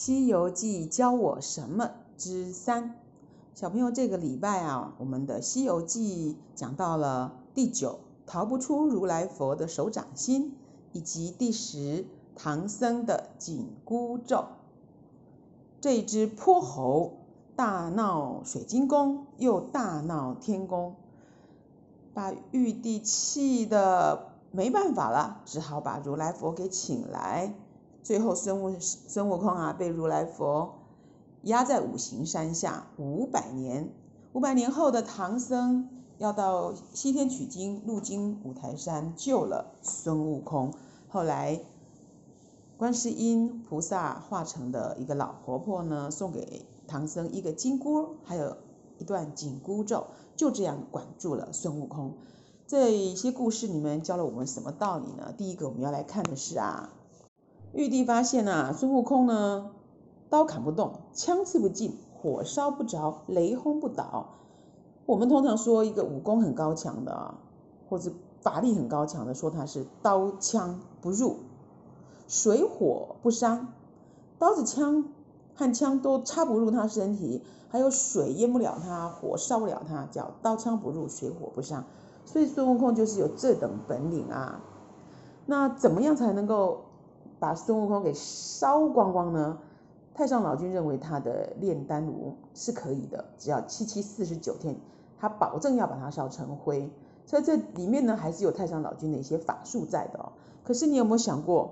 《西遊記》教我什麼之三，小朋友，這個禮拜啊，我們的《西遊記》講到了第九，逃不出如來佛的手掌心，以及第十，唐僧的緊箍咒。這只潑猴大鬧水晶宮，又大鬧天宮，把玉帝氣得沒辦法了，只好把如來佛給請來。最後，孫悟孫悟空啊，被如來佛壓在五行山下五百年。五百年後的唐僧要到西天取經，路經五台山救了孫悟空。後來，觀世音菩薩化成的一個老婆婆呢，送給唐僧一個金箍，還有一段緊箍咒，就這樣管住了孫悟空。這一些故事裡面教了我們什麼道理呢？第一個我們要來看的是啊。玉帝發現啊，孫悟空呢，刀砍不動，槍刺不進，火燒不着，雷轟不倒。我們通常說一個武功很高強的啊，或者法力很高強的，說他是刀槍不入，水火不傷，刀子槍和槍都插不入他身體，還有水淹不了他，火燒不了他，叫刀槍不入，水火不傷。所以孫悟空就是有這等本領啊。那怎麼樣才能夠？把孫悟空給燒光光呢？太上老君認為他的煉丹爐是可以的，只要七七四十九天，他保證要把它燒成灰。所以這裡面呢，還是有太上老君的一些法術在的哦。可是你有沒有想過，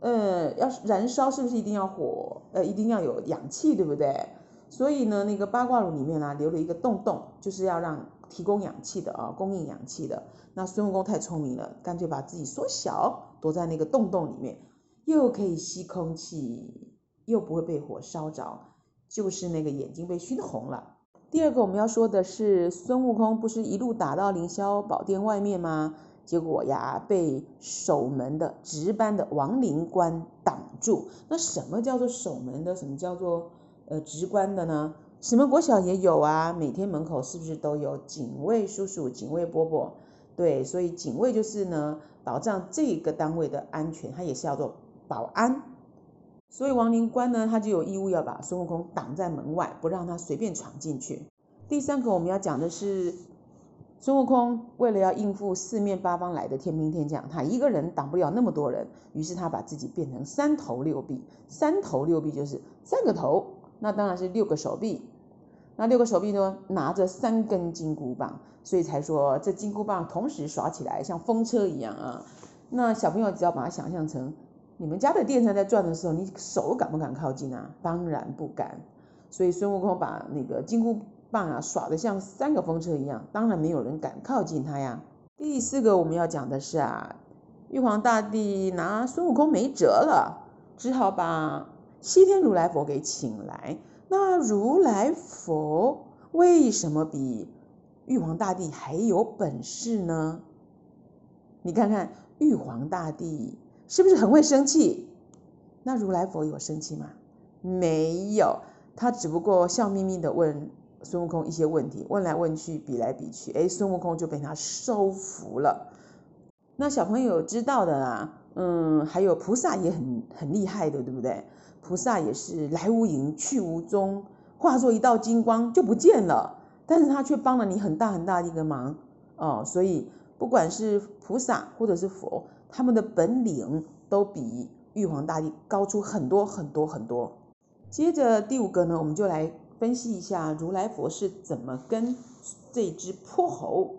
呃，要燃燒是不是一定要火？呃，一定要有氧氣，對不對？所以呢，那個八卦爐裡面呢，留了一個洞洞，就是要讓提供氧氣的啊，供應氧氣的。那孫悟空太聰明了，乾脆把自己縮小。躲在那個洞洞裡面，又可以吸空氣，又不會被火燒着，就是那個眼睛被熏紅了。第二個我們要說的是，孫悟空不是一路打到凌霄寶殿外面嗎？結果呀，被守門的值班的王靈官擋住。那什麼叫做守門的？什麼叫做呃值班的呢？什麼國小也有啊？每天門口是不是都有警衛叔叔、警衛伯伯？對，所以警衛就是呢。保障這個單位的安全，他也是叫做保安。所以王靈官呢，他就有義務要把孫悟空擋在門外，不讓他隨便闖進去。第三個我們要講的是，孫悟空為了要應付四面八方來的天兵天將，他一個人擋不了那麼多人，於是他把自己變成三頭六臂。三頭六臂就是三個頭，那當然是六個手臂。那六個手臂呢，拿着三根金箍棒，所以才說這金箍棒同時耍起來像風車一樣啊。那小朋友只要把它想象成你們家的電扇在轉的時候，你手敢不敢靠近呢、啊？當然不敢。所以孫悟空把那個金箍棒啊耍得像三個風車一樣，當然沒有人敢靠近他呀。第四個我們要講的是啊，玉皇大帝拿孫悟空沒轍了，只好把西天如來佛給請來。那如來佛為什麼比玉皇大帝還有本事呢？你看看玉皇大帝是不是很會生氣？那如來佛有生氣嗎？沒有，他只不過笑眯眯地問孫悟空一些問題，問來問去，比來比去，哎，孫悟空就被他收服了。那小朋友知道的啊，嗯，還有菩薩也很很厲害的，對不對？菩薩也是來無影去無蹤，化作一道金光就不見了。但是他卻幫了你很大很大的一個忙哦。所以不管是菩薩或者是佛，他們的本領都比玉皇大帝高出很多很多很多。接着第五個呢，我們就來分析一下如來佛是怎麼跟這只潑猴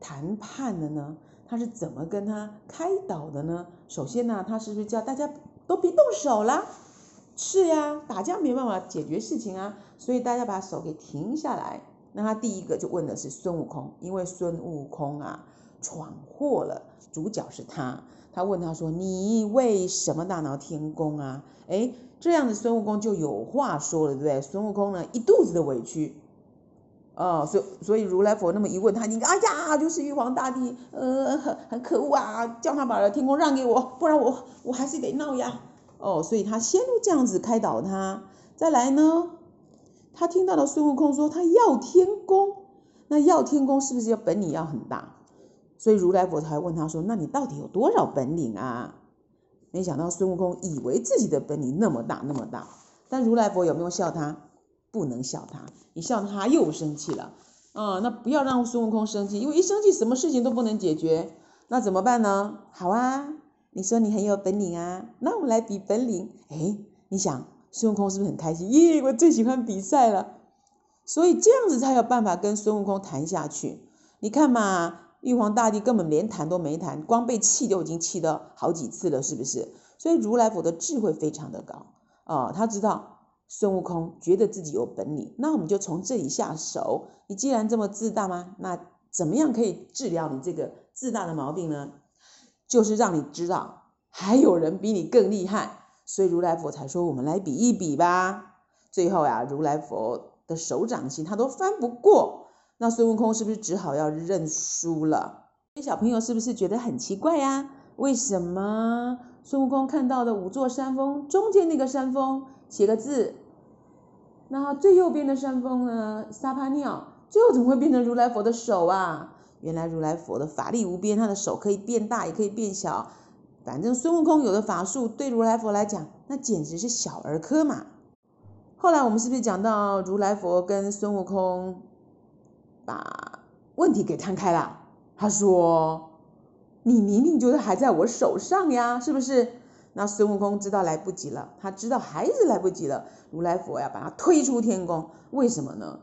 談判的呢？他是怎麼跟他開導的呢？首先呢，他是不是叫大家都別動手啦？是呀、啊，打架沒辦法解決事情啊，所以大家把手給停下來。那他第一個就問的是孫悟空，因為孫悟空啊闖禍了，主角是他。他問他說：“你為什麼大鬧天宮啊？”哎，這樣的孫悟空就有話說了，對不對？孫悟空呢一肚子的委屈，哦，所以所以如來佛那麼一問他，你哎呀，就是玉皇大帝，呃很很可惡啊，叫他把天宮讓給我，不然我我還是得鬧呀。哦，所以他先這樣子開導他，再來呢，他聽到了孫悟空說他要天宮，那要天宮是不是要本領要很大？所以如來佛才問他說，那你到底有多少本領啊？沒想到孫悟空以為自己的本領那麼大那麼大，但如來佛有沒有笑他？不能笑他，你笑他又生氣了啊，嗯，那不要讓孫悟空生氣，因為一生氣什麼事情都不能解決，那怎麼辦呢？好啊。你說你很有本領啊，那我們來比本領。誒，你想，孫悟空是不是很開心？咦，我最喜歡比賽了。所以這樣子才有辦法跟孫悟空談下去。你看嘛，玉皇大帝根本連談都沒談，光被氣都已經氣了好幾次了，是不是？所以如來佛的智慧非常的高哦。他知道孫悟空覺得自己有本領，那我們就從這裡下手。你既然這麼自大嗎？那怎麼樣可以治療你這個自大的毛病呢？就是讓你知道還有人比你更厲害，所以如來佛才說我們來比一比吧。最後呀、啊，如來佛的手掌心他都翻不過，那孫悟空是不是只好要認輸了？小朋友是不是覺得很奇怪呀、啊？為什麼孫悟空看到的五座山峰中間那個山峰寫個字，那最右邊的山峰呢？撒泡尿，最後怎麼會變成如來佛的手啊？原來如來佛的法力無邊，他的手可以變大也可以變小，反正孫悟空有的法術對如來佛來講，那簡直是小兒科嘛。後來我們是不是講到如來佛跟孫悟空把問題給攤開了？他說：“你明明就是還在我手上呀，是不是？”那孫悟空知道來不及了，他知道還是來不及了，如來佛呀把他推出天宮，為什麼呢？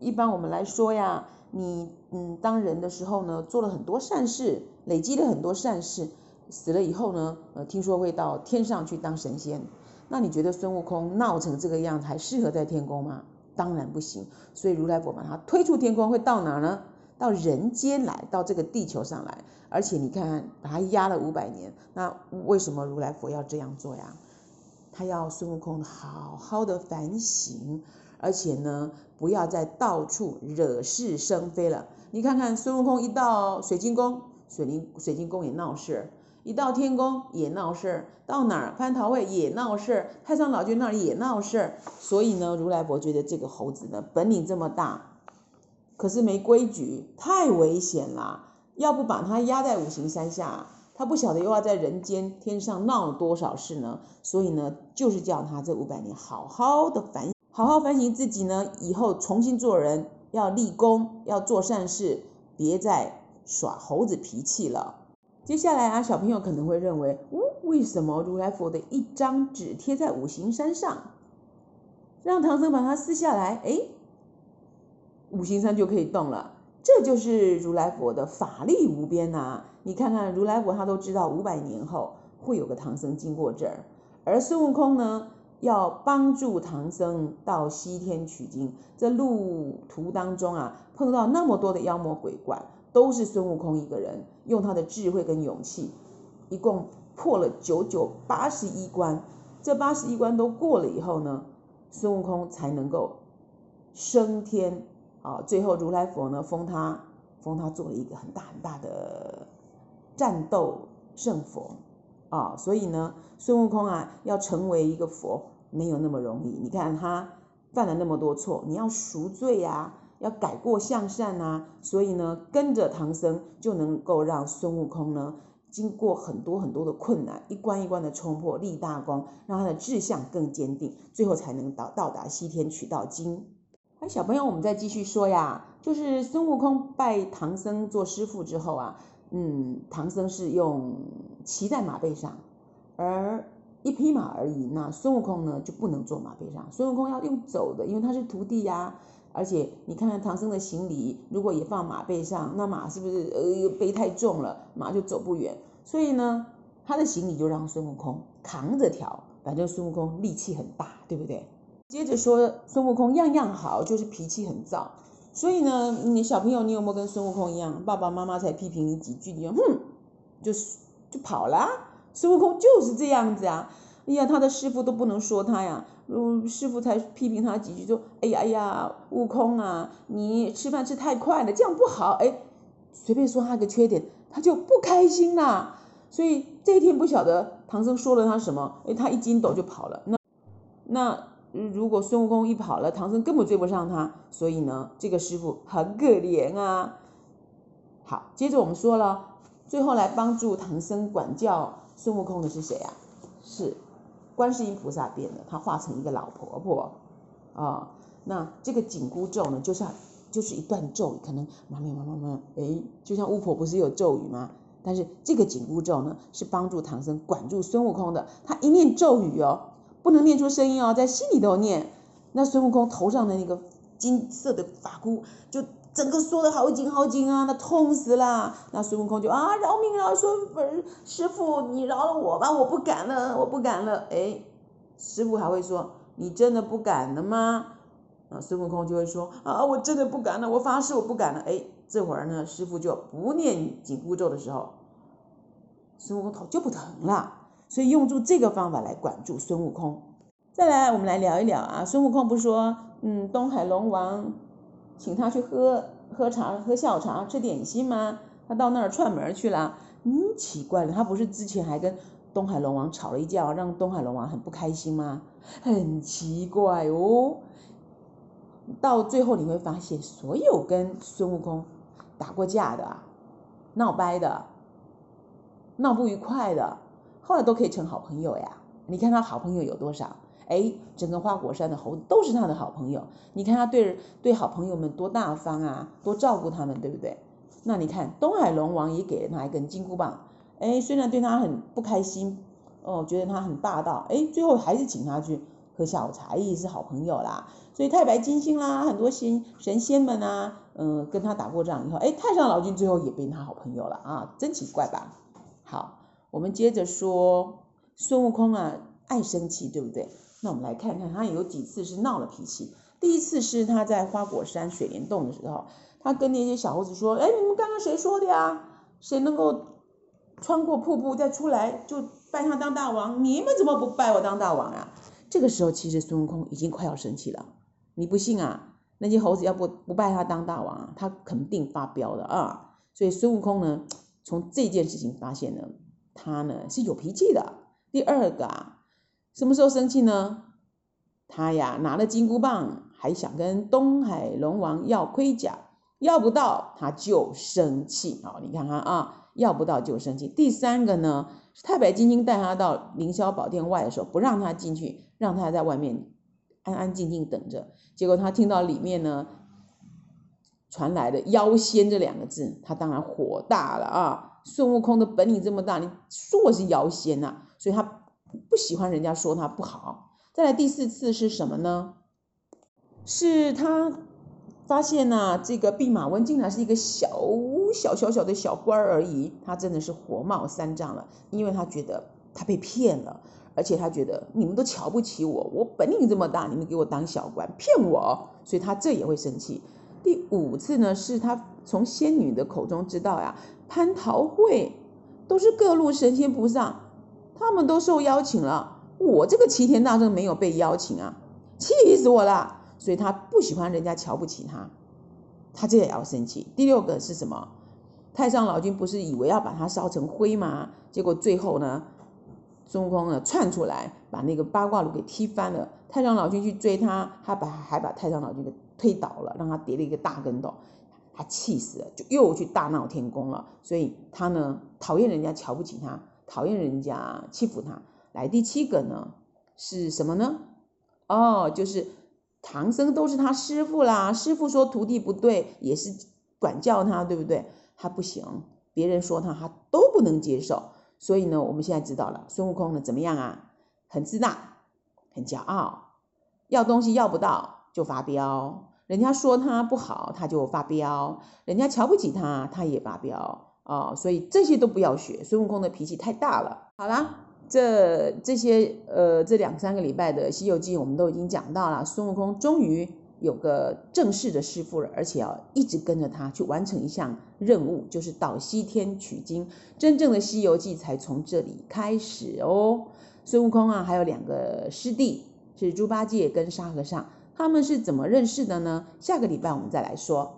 一般我們來說呀，你嗯當人的時候呢，做了很多善事，累積了很多善事，死了以後呢，呃聽說會到天上去當神仙。那你覺得孫悟空鬧成這個樣子還適合在天宮嗎？當然不行。所以如來佛把他推出天宮會到哪呢？到人間來，到這個地球上來。而且你看，把他壓了五百年，那為什麼如來佛要這樣做呀？他要孫悟空好好的反省。而且呢，不要再到處惹是生非了。你看看孫悟空一到水晶宮，水靈水晶宮也鬧事兒；一到天宮也鬧事兒，到哪兒蟠桃會也鬧事兒，太上老君那兒也鬧事兒。所以呢，如來佛覺得這個猴子呢本領這麼大，可是沒規矩，太危險啦，要不把他壓在五行山下，他不曉得又要在人間天上鬧多少事呢。所以呢，就是叫他這五百年好好的反省。好好反省自己呢，以後重新做人，要立功，要做善事，別再耍猴子脾氣了。接下來啊，小朋友可能會認為，嗯，為什麼如來佛的一張紙貼在五行山上，讓唐僧把它撕下來，哎，五行山就可以動了？這就是如來佛的法力無邊吶、啊！你看看，如來佛他都知道五百年後會有個唐僧經過這兒，而孫悟空呢？要幫助唐僧到西天取經，這路途當中啊，碰到那麼多的妖魔鬼怪，都是孫悟空一個人用他的智慧跟勇氣，一共破了九九八十一關。這八十一關都過了以後呢，孫悟空才能夠升天啊。最後如來佛呢封他，封他做了一個很大很大的戰鬥勝佛。啊、哦，所以呢，孫悟空啊，要成為一個佛沒有那麼容易。你看他犯了那麼多錯，你要贖罪呀、啊，要改過向善吶、啊。所以呢，跟着唐僧就能夠讓孫悟空呢，經過很多很多的困難，一關一關的衝破，立大功，讓他的志向更堅定，最後才能到到達西天取到經。哎，小朋友，我們再繼續說呀，就是孫悟空拜唐僧做師父之後啊，嗯，唐僧是用。騎在馬背上，而一匹馬而已。那孫悟空呢，就不能坐馬背上？孫悟空要用走的，因為他是徒弟呀、啊。而且你看看唐僧的行李，如果也放馬背上，那馬是不是呃背太重了，馬就走不遠。所以呢，他的行李就讓孫悟空扛着挑，反正孫悟空力氣很大，對不對？接着說，孫悟空樣樣好，就是脾氣很躁。所以呢，你小朋友，你有沒有跟孫悟空一樣？爸爸媽媽才批評你幾句，你就哼，就是。就跑了、啊，孫悟空就是這樣子呀、啊，哎呀，他的師傅都不能說他呀，嗯、呃，師傅才批評他幾句，說，哎呀，哎呀，悟空啊，你吃飯吃太快了，這樣不好，哎，隨便說他一個缺點，他就不開心啦，所以這一天不曉得唐僧說了他什麼，哎，他一筋斗就跑了，那那如果孫悟空一跑了，唐僧根本追不上他，所以呢，這個師傅很可憐啊，好，接着我們說了。最後來幫助唐僧管教孫悟空的是誰啊？是觀世音菩薩變的，她化成一個老婆婆啊、哦。那這個緊箍咒呢，就是就是一段咒語，可能媽媽媽媽媽誒，哎、欸，就像巫婆不是有咒語嗎？但是這個緊箍咒呢，是幫助唐僧管住孫悟空的。他一念咒語哦，不能念出聲音哦，在心裡頭念。那孫悟空頭上的那個金色的髮箍就。整個縮的好緊好緊啊，那痛死了。那孫悟空就啊，饒命、啊！饒孫，師傅，你饒了我吧，我不敢了，我不敢了。哎，師傅還會說，你真的不敢了嗎？那孫悟空就會說啊，我真的不敢了，我發誓我不敢了。哎，這會兒呢，師傅就不念緊箍咒的時候，孫悟空頭就不疼了。所以用住這個方法來管住孫悟空。再來，我們來聊一聊啊，孫悟空不說，嗯，東海龍王。請他去喝喝茶，喝下午茶，吃點心嗎？他到那兒串門去了。嗯，奇怪了，他不是之前還跟東海龍王吵了一架，讓東海龍王很不開心嗎？很奇怪哦。到最後你會發現，所有跟孫悟空打過架的、鬧掰的、鬧不愉快的，後來都可以成好朋友呀。你看他好朋友有多少？哎，整個花果山的猴子都是他的好朋友，你看他對對好朋友們多大方啊，多照顧他們，對不對？那你看東海龍王也給了他一根金箍棒，哎，雖然對他很不開心，哦，覺得他很霸道，哎，最後還是請他去喝下午茶，也，也是好朋友啦。所以太白金星啦，很多仙神仙們啊，嗯、呃，跟他打過仗以後，哎，太上老君最後也變他好朋友了啊，真奇怪吧？好，我們接着說孫悟空啊，愛生氣，對不對？那我們來看看，他有幾次是鬧了脾氣。第一次是他在花果山水簾洞的時候，他跟那些小猴子說：“哎，你們剛剛誰說的呀？誰能夠穿過瀑布再出來，就拜他當大王？你們怎麼不拜我當大王啊？”這個時候，其實孫悟空已經快要生氣了。你不信啊？那些猴子要不不拜他當大王啊，他肯定發飆的啊！所以孫悟空呢，從這件事情發現呢，他呢是有脾氣的。第二個啊……什麼時候生氣呢？他呀拿了金箍棒，還想跟東海龍王要盔甲，要不到他就生氣啊、哦！你看看啊，要不到就生氣。第三個呢，是太白金星帶他到凌霄寶殿外的時候，不讓他進去，讓他在外面安安靜靜等着。結果他聽到裡面呢傳來的“妖仙”這兩個字，他當然火大了啊！孫悟空的本領這麼大，你說我是妖仙吶、啊，所以他。不喜歡人家說他不好。再來第四次是什麼呢？是他發現呢、啊，這個弼馬溫竟然是一個小，小小小小的小官而已。他真的是火冒三丈了，因為他覺得他被騙了，而且他覺得你們都瞧不起我，我本領這麼大，你們給我當小官，騙我，所以他這也會生氣。第五次呢，是他從仙女的口中知道呀，蟠桃會都是各路神仙菩薩。他們都受邀請了，我這個齊天大聖沒有被邀請啊，氣死我了！所以他不喜歡人家瞧不起他，他這也要生氣。第六個是什麼？太上老君不是以為要把他燒成灰嗎？結果最後呢，孫悟空呢竄出來，把那個八卦爐給踢翻了。太上老君去追他，還把還把太上老君給推倒了，讓他跌了一個大跟斗，他氣死了，就又去大鬧天宮了。所以他呢討厭人家瞧不起他。討厭人家欺負他。來，第七個呢，是什麼呢？哦，就是唐僧都是他師父啦，師父說徒弟不對也是管教他，對不對？他不行，別人說他他都不能接受，所以呢，我們現在知道了孫悟空呢怎麼樣啊？很自大，很驕傲，要東西要不到就發飆，人家說他不好他就發飆，人家瞧不起他他也發飆。啊、哦，所以這些都不要學，孫悟空的脾氣太大了。好啦，這這些呃這兩三個禮拜的《西遊記》我們都已經講到了，孫悟空終於有個正式的師傅了，而且要一直跟着他去完成一項任務，就是到西天取經。真正的《西遊記》才從這裡開始哦。孫悟空啊，還有兩個師弟，是豬八戒跟沙和尚，他們是怎麼認識的呢？下個禮拜我們再來說。